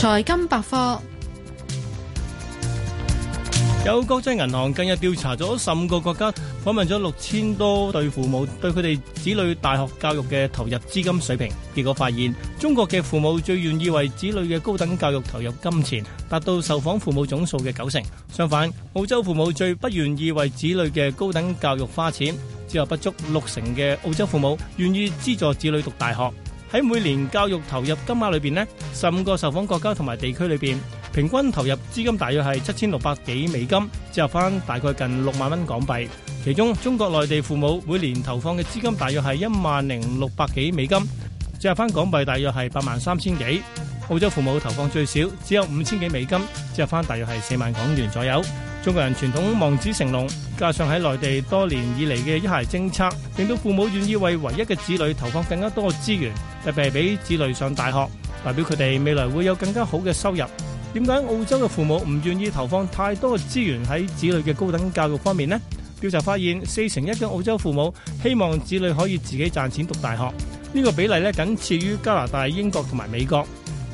財金百貨有國際銀行近日調查咗十五個國家，訪問咗六千多對父母，對佢哋子女大學教育嘅投入資金水平。結果發現，中國嘅父母最願意為子女嘅高等教育投入金錢，達到受訪父母總數嘅九成。相反，澳洲父母最不願意為子女嘅高等教育花錢，只有不足六成嘅澳洲父母願意資助子女讀大學。喺每年教育投入金額裏邊呢，十五個受訪國家同埋地區裏邊，平均投入資金大約係七千六百幾美金，折合翻大概近六萬蚊港幣。其中，中國內地父母每年投放嘅資金大約係一萬零六百幾美金，折合翻港幣大約係八萬三千幾。澳洲父母投放最少，只有五千幾美金，折合翻大約係四萬港元左右。中國人傳統望子成龍，加上喺內地多年以嚟嘅一孩政策，令到父母願意為唯一嘅子女投放更加多嘅資源，特別係俾子女上大學，代表佢哋未來會有更加好嘅收入。點解澳洲嘅父母唔願意投放太多嘅資源喺子女嘅高等教育方面呢？調查發現，四成一嘅澳洲父母希望子女可以自己賺錢讀大學，呢個比例咧僅次於加拿大、英國同埋美國。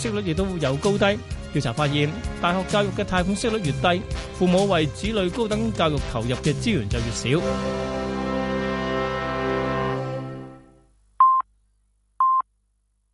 息率亦都有高低。調查發現，大學教育嘅貸款息率越低，父母為子女高等教育投入嘅資源就越少。